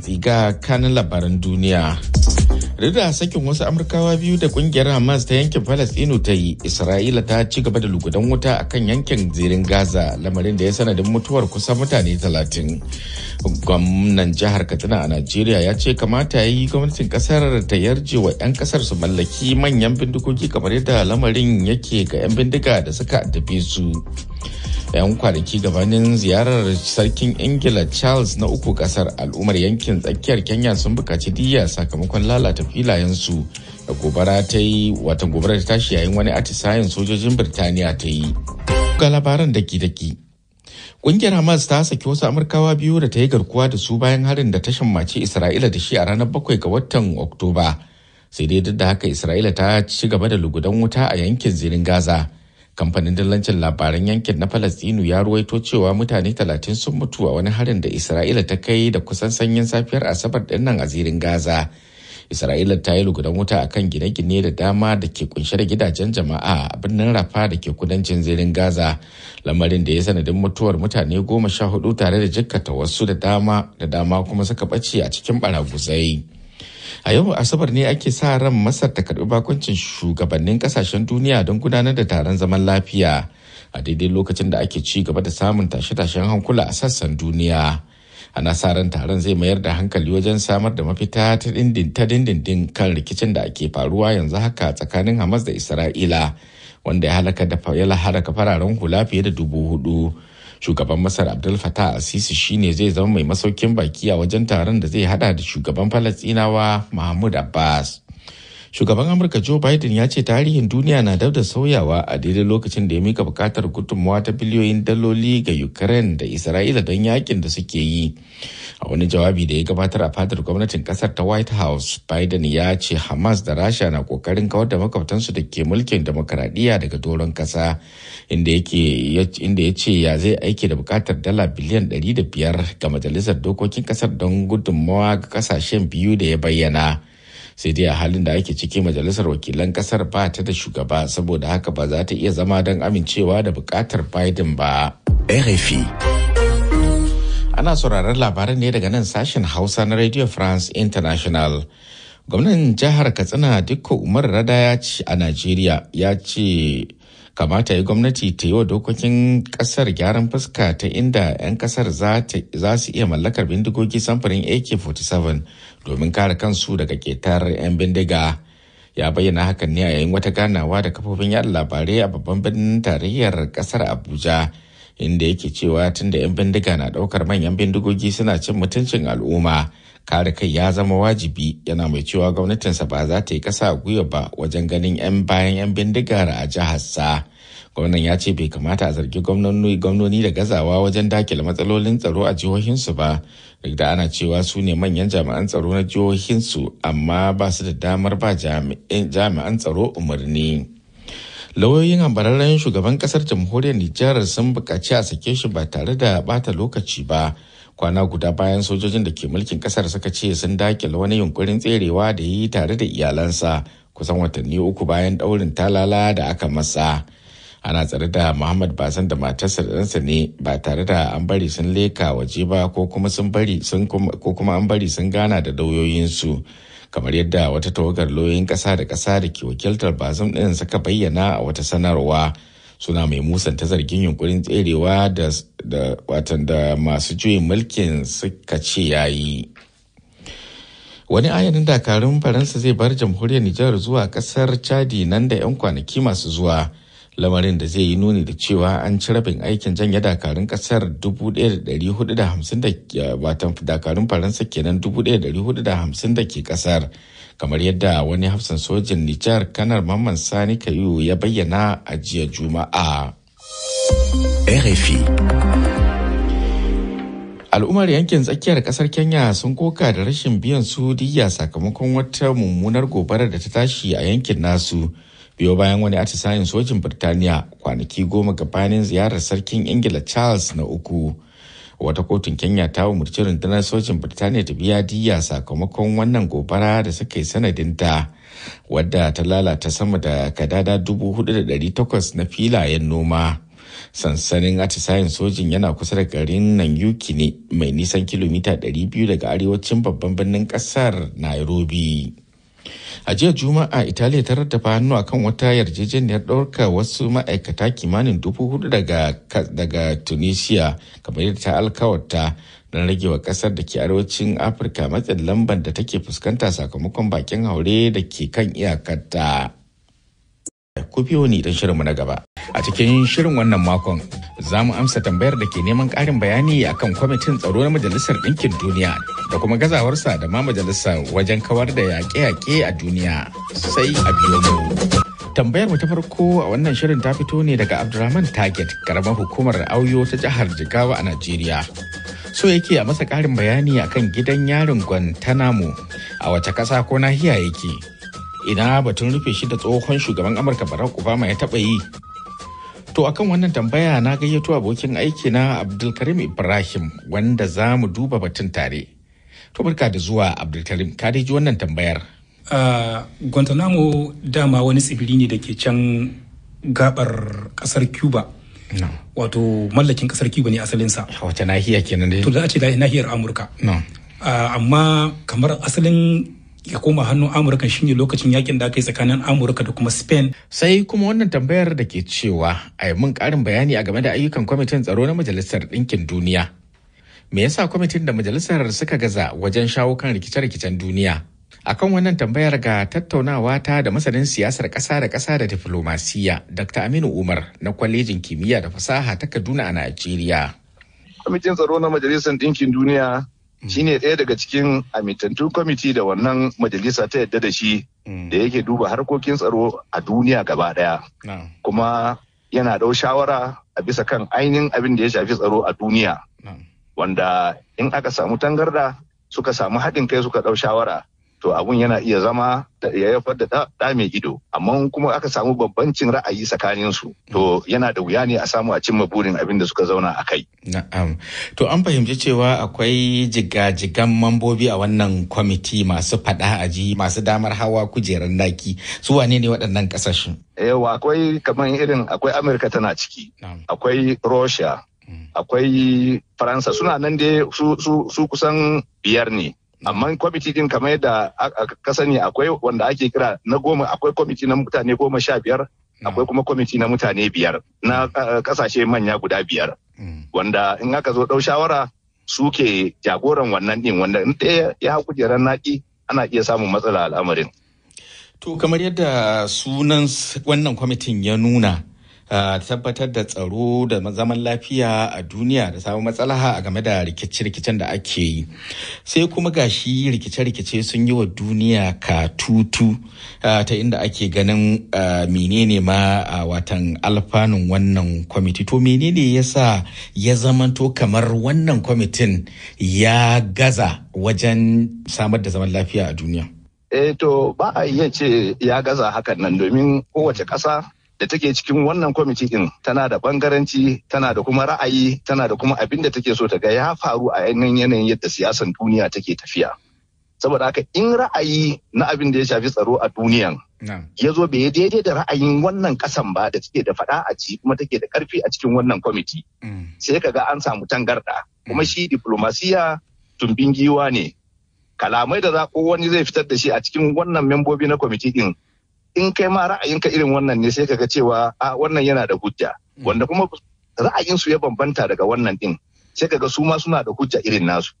hantsi ga kanin labaran duniya. Rida sakin wasu amurkawa biyu da kungiyar hamas ta yankin falastinu ta yi isra'ila ta ci gaba da lugudan wuta a kan yankin zirin gaza lamarin da ya sanadin mutuwar kusan mutane talatin gwamnan jihar katsina a najeriya ya ce kamata ya yi gwamnatin kasar ta yarje wa 'yan kasar su mallaki manyan bindigogi kamar yadda lamarin yake ga 'yan bindiga da suka addabe su 'yan kwanaki gabanin ziyarar sarkin ingila charles na uku kasar al'ummar yankin tsakiyar kenya sun bukaci diya sakamakon lalata filayensu da gobara ta yi wata gobara ta tashi yayin wani atisayen sojojin birtaniya ta yi ga labaran daki-daki Ƙungiyar Hamas ta saki wasu Amurkawa biyu da ta yi garkuwa da su bayan harin da ta shammaci Isra'ila da shi a ranar bakwai ga watan Oktoba. Sai dai duk da haka Isra'ila ta ci gaba da lugudan wuta a yankin zirin Gaza. Kamfanin dillancin labaran yankin na Falastinu ya ruwaito cewa mutane talatin sun mutu a wani harin da Isra'ila ta kai da kusan sanyin safiyar Asabar dinnan a zirin Gaza. isra'ila ta yi lugudan wuta a kan gine-gine da dama da ke kunshe da gidajen jama'a a birnin rafa da ke kudancin zirin gaza lamarin da ya sanadin mutuwar mutane goma sha hudu tare da jikkata wasu da dama da dama kuma suka ɓace a cikin baraguzai a yau asabar ne ake sa ran masar ta karbi bakuncin shugabannin kasashen duniya don gudanar da taron zaman lafiya a daidai lokacin da ake ci gaba da samun tashe-tashen hankula a sassan duniya A nasarar taron zai mayar da hankali wajen samar da mafita ta dindindin kan rikicin da ake faruwa yanzu haka tsakanin hamas da isra'ila wanda ya halaka da halaka fararen hula fiye da dubu hudu shugaban masar abdul fatah asisi shine zai zama mai masaukin baki a wajen taron da zai hada da shugaban falastinawa mahmud abbas shugaban amurka joe biden ya ce tarihin duniya na dab da sauyawa a daidai lokacin da ya mika bukatar gudunmawa ta biliyoyin daloli ga ukraine da isra'ila don yakin da suke yi a wani jawabi da ya gabatar a fadar gwamnatin kasar ta white house biden ya ce hamas da rasha na kokarin kawar da makwabtansu da ke mulkin demokaradiyya daga doron kasa inda ya ce ya zai aiki da bukatar dala biliyan biyar ga majalisar dokokin kasar don gudunmawa ga kasashen biyu da ya bayyana sai dai a halin da ake ciki majalisar wakilan kasar ba ta da shugaba saboda haka ba za ta iya zama don amincewa da bukatar biden ba rfi ana sauraron labaran ne daga nan sashen hausa na radio france international gwamnan jihar katsina dukko umar rada ya ce a najeriya ya ce kamata ya gwamnati ta yi wa dokokin kasar gyaran fuska ta inda 'yan kasar za su iya mallakar bindigogi samfurin ak-47 domin kare kansu daga ketar 'yan bindiga ya bayyana hakan ne a yayin wata ganawa da kafofin yada labarai a babban birnin tarayyar kasar abuja inda yake cewa tun da 'yan bindiga na ɗaukar manyan bindigogi suna cin mutuncin al'umma kare kai ya zama wajibi yana mai cewa gwamnatinsa ba za ta yi kasa gwiwa ba wajen ganin 'yan bayan 'yan bindigar a jiharsa gwamnan ya ce bai kamata a zargi gwamnoni da gazawa wajen dakile matsalolin tsaro a jihohinsu ba duk da ana cewa su ne manyan jami'an tsaro na jihohinsu amma ba su da damar ba jami'an tsaro umarni. lauyoyin ambararren shugaban kasar jamhuriyar nijar sun bukaci a sake shi ba tare da bata lokaci ba kwana guda bayan sojojin da ke mulkin kasar suka ce sun dakile wani yunkurin tserewa da yi tare da iyalansa kusan watanni uku bayan daurin talala da aka masa ana tsare da muhammad basan da matarsa da ɗansa ne ba tare da an bari sun leka waje ba ko kuma an bari sun gana da lauyoyinsu kamar yadda wata tawagar lauyoyin kasa da kasa da ke wakiltar bazum ɗin suka bayyana a wata sanarwa suna mai musanta zargin yunkurin tserewa da watan da masu juyin mulkin suka ce ya yi. wani ayanin dakarun faransa zai bar jamhuriyar nijar zuwa kasar chadi nan da 'yan kwanaki masu zuwa lamarin da zai yi nuni da cewa an ci rabin aikin janye dakarun kasar 1,450 watan dakarun faransa kenan 1,450 da ke kasar kamar yadda wani hafsan sojin nijar kanar mamman sani kayu ya bayyana a jiya juma'a rfi al'ummar yankin tsakiyar kasar kenya sun koka da rashin biyan su diya sakamakon wata mummunar gobara da ta tashi a yankin nasu biyo bayan wani atisayen sojin birtaniya kwanaki goma gabanin ziyarar sarkin ingila charles na uku wata kotun kenya ta umarci rundunar sojin birtaniya ta biya diya sakamakon wannan gobara da suka yi sanadinta wadda ta lalata sama da kadada dubu takwas na filayen noma sansanin atisayen sojin yana kusa da garin nan yuki ne mai nisan kilomita 200 daga arewacin babban birnin kasar nairobi a jiya juma'a italiya ta rattafa hannu akan wata yarjejeniyar ɗauka wasu ma'aikata kimanin dubu hudu daga tunisia kamar yadda ta alkawarta don ragewa ƙasar da ke arewacin afirka matsin lamban da take fuskanta sakamakon bakin haure da ke kan iyakarta ne don shirinmu na gaba A cikin shirin wannan makon za mu amsa tambayar da ke neman ƙarin bayani a kan kwamitin tsaro na Majalisar Ɗinkin Duniya da kuma gazawarsa da ma majalisa wajen kawar da yaƙe-yaƙe a duniya sai a biyo mu. Tambayar mu ta farko a wannan shirin ta fito ne daga Abdulrahman Target, karamar hukumar Auyo ta jihar Jigawa a Najeriya. so yake a masa ƙarin bayani a kan gidan yarin Guantanamo a wace ƙasa ko nahiya yake. Ina batun rufe shi da tsohon shugaban Amurka Barack Obama ya taɓa yi To akan wannan tambaya na gayyato abokin aiki na Abdulkarim Ibrahim wanda za mu duba batun tare. To barka da zuwa Abdulkarim, ka ji wannan tambayar. Uh, Guantanamo dama wani tsibiri ne da ke can gabar kasar Cuba. No. Wato mallakin kasar Cuba ne asalinsa. Wace nahiya kenan dai? To za a ce nahiyar Amurka. No. Uh, amma kamar asalin ya koma hannun amurka shine lokacin yakin da aka yi tsakanin amurka da kuma spain sai kuma wannan tambayar da ke cewa a yi mun karin bayani a game da ayyukan kwamitin tsaro na majalisar ɗinkin duniya me yasa kwamitin da majalisar suka gaza wajen shawo kan rikice-rikicen duniya akan wannan tambayar ga tattaunawa ta da masanin siyasar ƙasa da ƙasa da diflomasiya dr aminu umar na kwalejin kimiyya da fasaha ta kaduna a najeriya kwamitin tsaro na majalisar ɗinkin duniya Mm. shine ɗaya daga cikin amintattun kwamiti da wannan majalisa ta yadda da shi mm. da yake duba harkokin tsaro a duniya gaba ɗaya kuma yana ɗau shawara a bisa kan ainihin abin da ya shafi tsaro a duniya wanda in aka samu tangarda suka samu haɗin kai suka ɗau shawara to abun yana iya zama ya haifar da ɗa mai ido amma kuma aka samu bambancin ra'ayi tsakanin su to yana da wuya ne a samu a cimma burin abin da suka zauna a kai na'am to an fahimci cewa akwai jigajigan mambobi a wannan kwamiti masu faɗa aji masu damar hawa kujerar naki su wane ne waɗannan kasashen yawa akwai kamar irin akwai amurka tana ciki akwai russia mm. akwai faransa suna nan dai su kusan biyar ne amma kwamiti din kamar yadda ka sani akwai wanda ake kira na goma akwai kwamiti na mutane goma sha biyar mm. akwai kuma kwamiti na mutane biyar na kasashe manya guda biyar mm. wanda in aka zo ɗau shawara suke jagoran wannan din wanda in ɗaya ya kujerar naki ana iya samun matsala al'amarin. To kamar yadda sunan wannan kwamitin ya nuna A tabbatar da tsaro da zaman lafiya a duniya da samun matsalaha a game da rikice-rikicen da ake yi sai kuma gashi rikice-rikice sun yi wa duniya ka tutu ta inda ake ganin menene ma watan alfanun wannan kwamiti to menene ya sa ya zamanto kamar wannan kwamitin ya gaza wajen samar da zaman lafiya a duniya eh to ba a iya ce ya gaza hakan nan domin kowace ƙasa da take cikin wannan kwamiti din tana da bangaranci tana da kuma ra'ayi tana da kuma abin da take so ta ga ya faru a yanayin yanayin yadda siyasan duniya take tafiya saboda haka in ra'ayi na abin da ya shafi tsaro a duniyan ya zo bai daidai da ra'ayin wannan kasan ba da take da fada a ci kuma take da karfi a cikin wannan kwamiti mm. sai ka ga an samu tangarda kuma mm. shi diplomasiya tumbin giwa ne kalamai da za wani zai fitar da shi a cikin wannan membobi na kwamiti din in kai ma ra'ayinka irin wannan ne sai kaga cewa a wannan yana da hujja hmm. wanda kuma ra'ayinsu ya bambanta daga wannan din sai kaga su ma suna da hujja irin nasu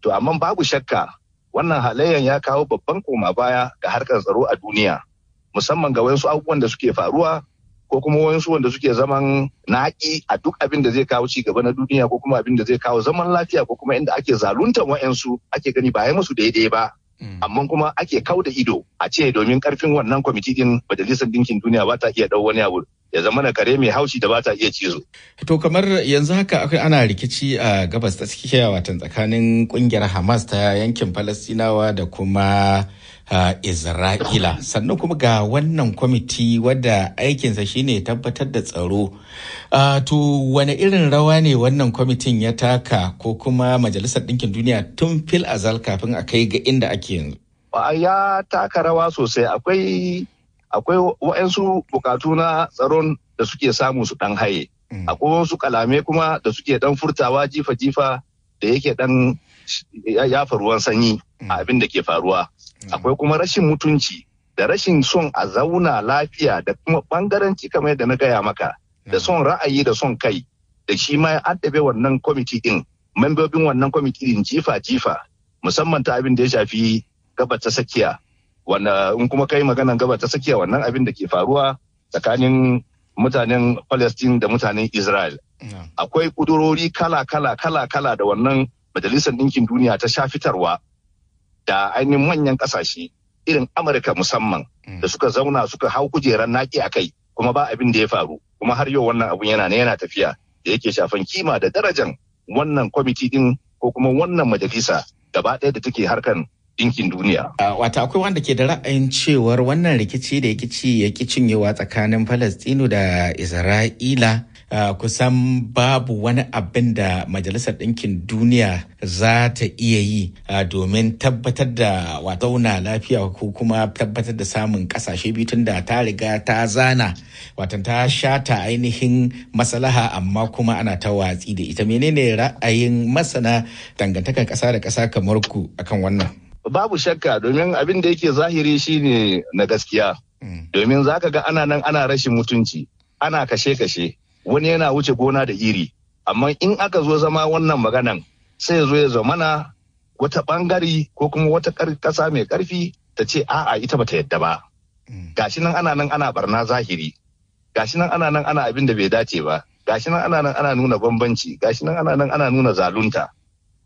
to amma babu shakka wannan halayyan ya kawo babban koma baya ga harkar tsaro a duniya musamman ga wasu abubuwan da suke faruwa ko kuma wasu wanda suke zaman naƙi a duk abin da zai kawo ci gaba na duniya ko kuma abin da zai kawo zaman lafiya ko kuma inda ake zaluntar wayansu ake gani ba ya musu daidai ba Mm. amma kuma ake kau da ido a ce domin karfin wannan kwamiti din majalisar dinkin duniya ba ta iya dau wani abu ya zama na kare mai haushi da ba ta iya cizo. To kamar yanzu haka akwai ana rikici a gabas ta tsakiya watan tsakanin kungiyar Hamas ta yankin Falastinawa da kuma Uh, Isra'ila. Sannan kuma ga wannan kwamiti wadda aikinsa shine tabbatar da tsaro. Uh, to wane irin rawa ne wannan kwamitin ya taka ko kuma Majalisar Ɗinkin Duniya tun fil azal kafin a kai ga inda ake yanzu? Ya taka rawa sosai akwai akwai waɗansu bukatu na tsaron da suke samu su ɗan haye. Mm. Akwai wasu kalame kuma da suke ɗan furtawa jifa-jifa da yake ɗan yafa ruwan sanyi mm. a abin da ke faruwa. Mm. akwai kuma rashin mutunci da rashin son a zauna lafiya da kuma bangaranci kamar yadda na gaya maka da mm. son ra'ayi da son kai da shi ma ya addabe wannan kwamiti din membobin wannan kwamiti din jifa jifa musamman ta abin da ya shafi gabar ta tsakiya wanda in kuma kai maganan gabar ta tsakiya wannan abin da ke faruwa tsakanin mutanen Palestine da mutanen Israel mm. akwai kudurori kala kala kala kala da wannan majalisar ɗinkin duniya ta sha da ainihin manyan kasashe irin amurka musamman mm. da suka zauna suka hau kujerar naki a kai kuma ba abin da ya faru kuma har yau wannan abun yana yana tafiya da yake shafan kima da darajan wannan kwamiti din ko kuma wannan majalisa gaba ɗaya da take harkan dinkin duniya. Wata akwai wanda ke da ra'ayin cewar wannan rikici da ya ci ya ki cinyewa tsakanin Falastinu da Isra'ila Ah, kusan babu wani abin da majalisar ɗinkin duniya za ta iya yi ah, domin tabbatar da zauna lafiya ko kuma tabbatar da samun ƙasashe biyu tun da ta riga ta zana watan ta shata ainihin masalaha amma kuma ana ta watsi da ita menene ra'ayin masana dangantakar ƙasa da ƙasa kamar ku akan wannan babu shakka domin abin da yake zahiri shine na gaskiya hmm. domin zaka ga ana nan ana rashin mutunci ana kashe-kashe wani yana wuce gona da iri amma in aka zo zama wannan maganan sai zo ya zamana wata bangare ko kuma wata ƙasa mai ƙarfi ta ce a'a ita bata yadda ba mm. gashi nan ana nan ana barna zahiri gashi nan ana nan ana abin da bai dace ba gashi nan ana nan ana nuna bambanci gashi nan ana nan ana nuna zalunta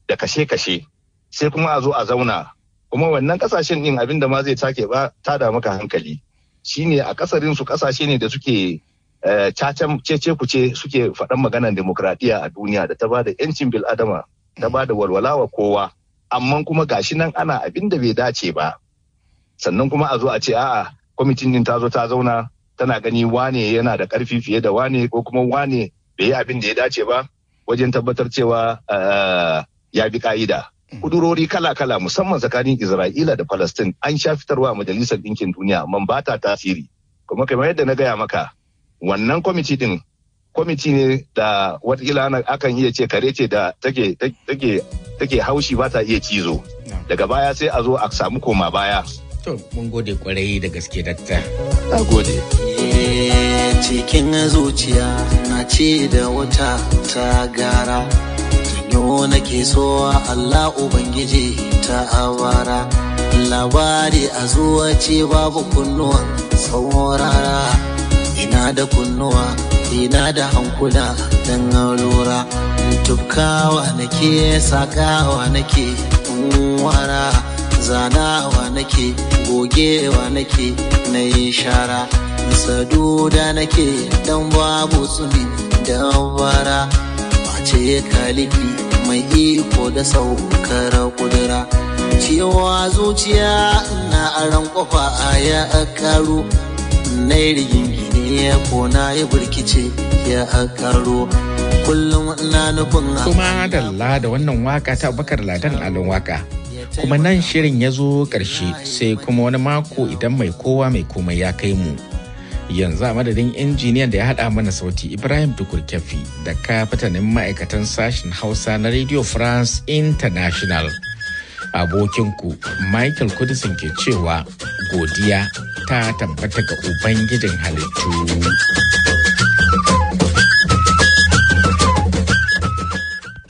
da kashe kashe sai kuma a zo a zauna kuma wannan kasashen din abin da ma zai take ba da maka hankali shine a kasarin su kasashe ne da suke Eh, cacen cece ce suke faɗan maganar demokradiyya a duniya da ta ba da 'yancin bil'adama ta ba da walwala wa kowa amma kuma gashi nan ana abin da bai dace ba sannan kuma a zo a ce a'a kwamitin din ta zo ta zauna tana gani wane yana da karfi fiye da wane ko kuma wane bai yi abin da ya dace ba wajen tabbatar cewa eh, ya bi ka'ida kudurori kala-kala musamman tsakanin isra'ila da palestine an sha fitarwa majalisar ɗinkin duniya amma ba ta tasiri kuma kamar yadda na gaya maka wannan kwamiti din kwamiti ne da watakila akan iya ce kare ce da take haushi ba ta iya cizo daga baya sai a zo a samu koma baya to mun gode kwarai da gaske datta a gode eh, cikin zuciya na ce da wata ta gara yau ke so Allah Ubangiji ta awara labari a zuwa ce babu kunnuwa saurara ina da kunnuwa ina da hankula dan lura tukawa nake sakawa nake wara zanawa nake gogewa nake na shara saduda nake dan babu tsumi da bara face kalifi mai iko da saukar kudura cewa zuciya na aran kofa a ya karu na iya kona ya akaro kullum na kuma dalla da wannan waka ta bakar ladan alon waka kuma nan shirin ya zo karshe sai kuma wani mako idan mai kowa mai komai ya kai mu yanzu a madadin injiniyan da ya haɗa mana sauti ibrahim dukurkefi da kafatanin ma'aikatan sashen hausa na radio france international abokinku michael kudisin ke cewa godiya ta tabbata ga ubangijin halittu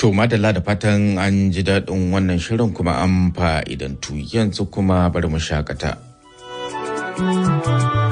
To madalla da fatan an ji daɗin wannan shirin kuma an fa'idantu yanzu kuma bari mu shakata. thank you